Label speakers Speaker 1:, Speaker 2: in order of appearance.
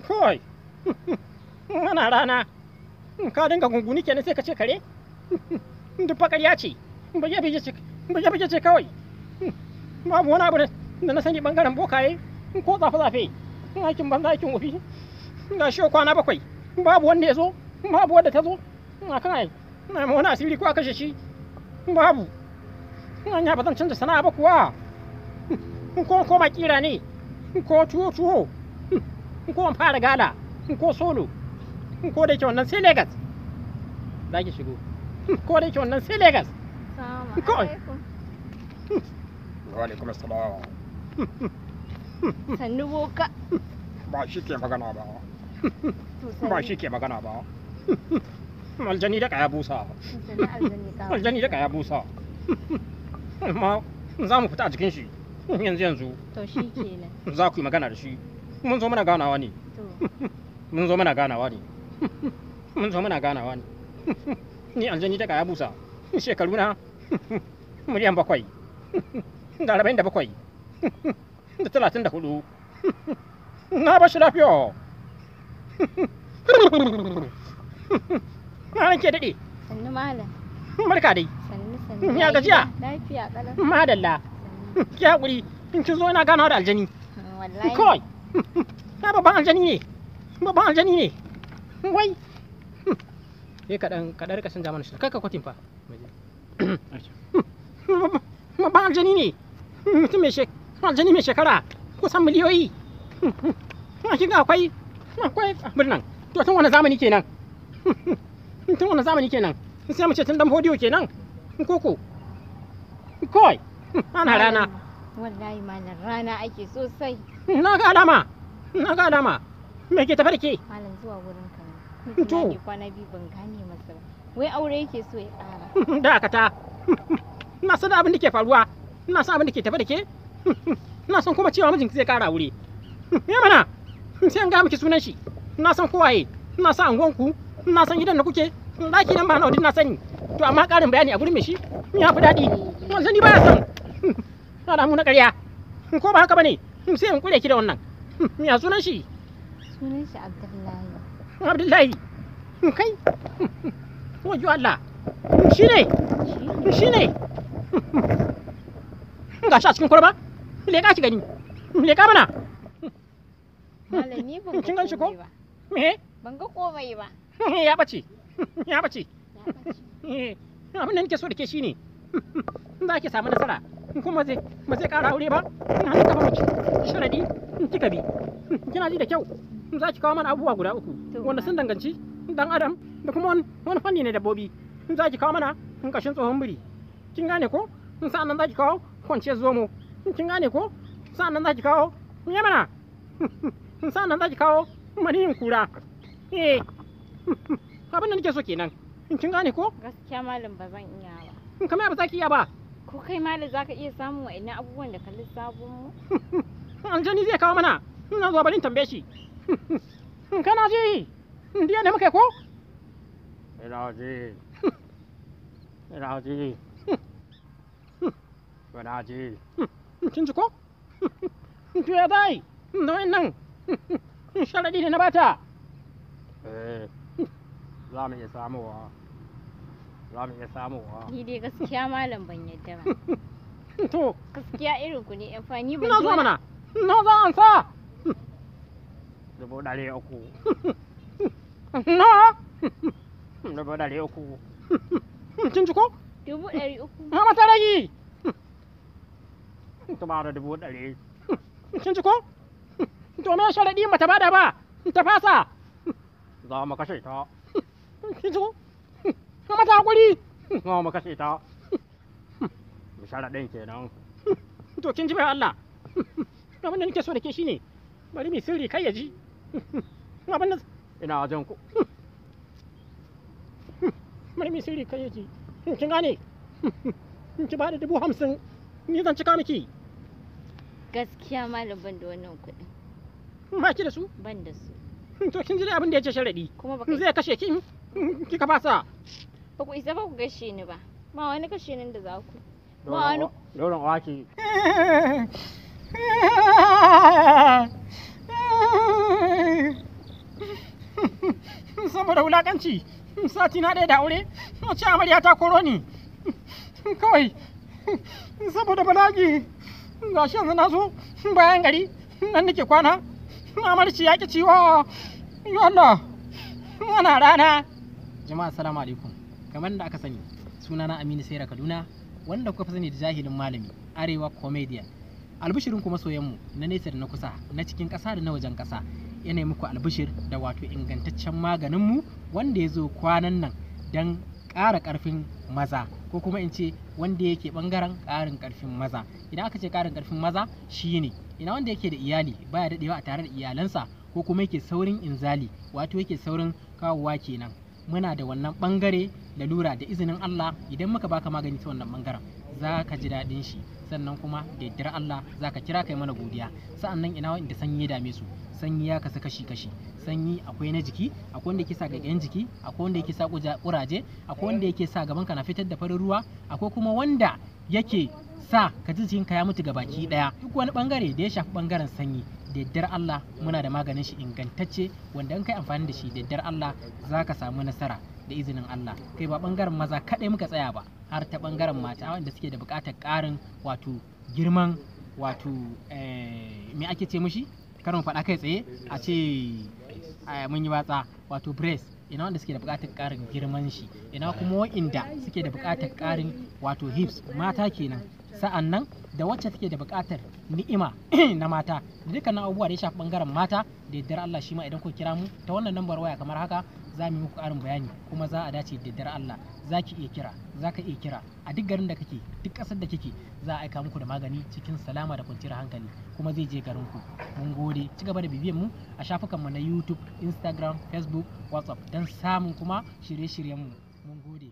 Speaker 1: kai ana rana, ka dinga gunguni kenan sai ka ce kare? Duk fakariya ce, baje-baje ce kawai. Babu wani abu da na sani bangaren bokaye ko zafe-zafe, aikin banza aikin wofi. Ga shi kwana bakwai, babu wanda ya zo, babu wanda ta zo. A kan ai, na wani asiri ko a kashe shi, babu. An ya ba zan canza sana'a ba kuwa. Ko koma kira ne, ko tuwo-tuwo. ko an fara gala ko solo ko da ke wannan sai Legas za ki shigo ko da ke wannan sai Legas kawai wa alaikum assalam sannu boka ba shi ke magana ba ba shi ke magana ba aljani da kaya busa aljani da kaya busa ma za mu fita a jikin shi yanzu yanzu to shi kenan za ku yi magana da shi mun zo muna ganawa ne mun zo muna ganawa ne mun zo muna ganawa ne ni aljani ta kaya busa shekaru na miliyan bakwai da arba'in da bakwai da talatin da hudu na bashi lafiya malam ke daɗe sannu malam barka dai sannu sannu ya gajiya lafiya kalau madalla ki haƙuri kin zo ina ganawa da aljani mm, wallahi kawai na babban aljani ne babban aljani ne wai sai eh, kaɗan kaɗan rika canza mana shi kai ka kwatin fa babban aljani ne mutum mai aljani mai shekara kusan miliyoyi a shiga akwai akwai abin to tun wani zamani kenan tun wani zamani kenan sai mu ce tun dan hodiyo kenan koko koi ana rana wallahi malam rana ake sosai na ga dama na ga dama me ke tafi da malam zuwa gurin ka ne to kwana bi ban gane masa ba wai aure yake so ya tsara da ka ta na san abin da ke faruwa na san abin da ke tafi da ke san kuma cewa mijinki zai kara aure me mana sai an ga miki sunan shi na san kowaye na san angonku na san gidan da kuke ɗaki nan ba na na sani to amma ƙarin bayani a gurin me shi ya fi daɗi wannan ni baya san mu na ƙarya ko ba haka bane hmm, sai in kure ki da wannan hmm, ya sunan shi sunan shi abdullahi abdullahi hmm, kai wajo Allah shi ne shi ne ga shi a cikin kwarba leƙa ki gani leƙa mana malami kin ganshi ko me ban ga komai ba ya bace ya bace abin da nake so da ke shine za ki samu nasara in kuma zai ba zai ƙara aure ba in hannun kafa mace sharadi in kika bi kina ji da kyau za ki kawo mana abubuwa guda uku wanda sun danganci dan adam da kuma wani fanni ne dabbobi za ki kawo mana in kashin tsohon biri kin gane ko in sa'an nan za ki kawo kwanciyar zomo kin gane ko sa'an nan za ki kawo yamana in sa'an nan za ki kawo maniyin kura eh abin da nake so kenan in kin gane ko gaskiya malam ba zan iya ba kamar ba za ki iya ba ko kai mali za ka iya samun wa'annan abubuwan da ka lissafo mu aljani zai kawo mana ina zuwa barin tambaye shi kana ji hmm, diya ne muke ko ina ji ina ji ina ji hmm, kin ji ko to ya dai da hmm, wannan sharadi ne na bata eh za mu iya samuwa za mu iya samuwa ni dai gaskiya malam ban yadda ba to gaskiya irin ku ne yan eh ba ban na zo mana na za an sa dubu ɗari uku na dubu ɗari uku kin ci ko dubu ɗari uku ha mata ragi ta ba da dubu ɗari kin ciko? ko to me sharaɗi mata bada ba ta fasa za mu kashe ta kin ciko? ko ka mata hakuri ma mu kashe ta bishara ɗin kenan to kin ji bai Allah abin da nake so da ke shine bari mu sirri kai ya ji abin da ina wajen ku bari mu sirri kai ya ji kin gane ki ba da dubu hamsin ni zan cika miki gaskiya malam ban da wannan kuɗin ba ki da su ban da su to kin ji abin da ya ce sharaɗi zai kashe kin kika fasa ba ku isa ba ku gashe ni ba ba wani kashe ni da za ku doron wake saboda wulakanci sati na ɗaya da aure ce amarya ta koro ni kawai saboda bala'i ga shi yanzu na zo bayan gari nan nake kwana amarci ya ki ciwo Allah ana rana jama'a salamu alaikum kamar da aka sani sunana Aminu Saira Kaduna wanda kuka fi sani da jahilin malami Arewa comedian albishirin kuma mu na nesa da na kusa na cikin ƙasa da na wajen ƙasa yana muku albishir da wato ingantaccen maganinmu wanda ya zo kwanan nan don ƙara ƙarfin maza ko kuma in ce wanda yake ɓangaren ƙarin ƙarfin maza idan aka ce ƙarin ƙarfin maza shi ne. ina wanda yake da iyali baya daɗewa a tare da iyalansa ko kuma yake saurin inzali wato yake saurin kawowa kenan muna da wannan bangare lalura da izinin Allah idan muka baka magani ta wannan bangaren za ka ji daɗin shi sannan kuma da yaddar Allah za ka kira kai mana godiya sa'annan ina wanda sanyi ya dame su sanyi ya kasa kashi kashi sanyi akwai na jiki akwai wanda yake sa gaggayen jiki akwai wanda yake sa kuraje akwai wanda yake sa gaban ka na fitar da farin ruwa akwai kuma wanda yake sa ka ji jikinka ya mutu ga baki daya duk wani bangare da ya shafi bangaren sanyi da Allah muna da maganin shi ingantacce wanda in kai amfani da shi da Allah za ka samu nasara da izinin Allah kai ba bangaren maza kaɗai muka tsaya ba har ta bangaren mata wanda suke da buƙatar ƙarin wato girman wato eh, me ake ce mushi karin faɗa kai tsaye a ce eh, mun yi watsa wato breast ina wanda suke da buƙatar ƙarin girman shi ina kuma wa'inda suke da buƙatar ƙarin wato hips mata kenan sa'an nan da wacce take da buƙatar ni'ima na mata da dukkanin abubuwa da ya shafi bangaren mata da yaddar Allah shi ma idan ku kira mu ta wannan lambar waya kamar haka za mu yi muku ƙarin bayani kuma za a dace da yaddar Allah za ki iya kira za ka iya kira a duk garin da kake duk ƙasar da kake za a aika muku da magani cikin salama da kwanciyar hankali kuma zai je garin ku mun gode ci gaba da bibiyan mu a shafukan mu na YouTube Instagram Facebook WhatsApp don samun kuma shirye-shiryen mu mun gode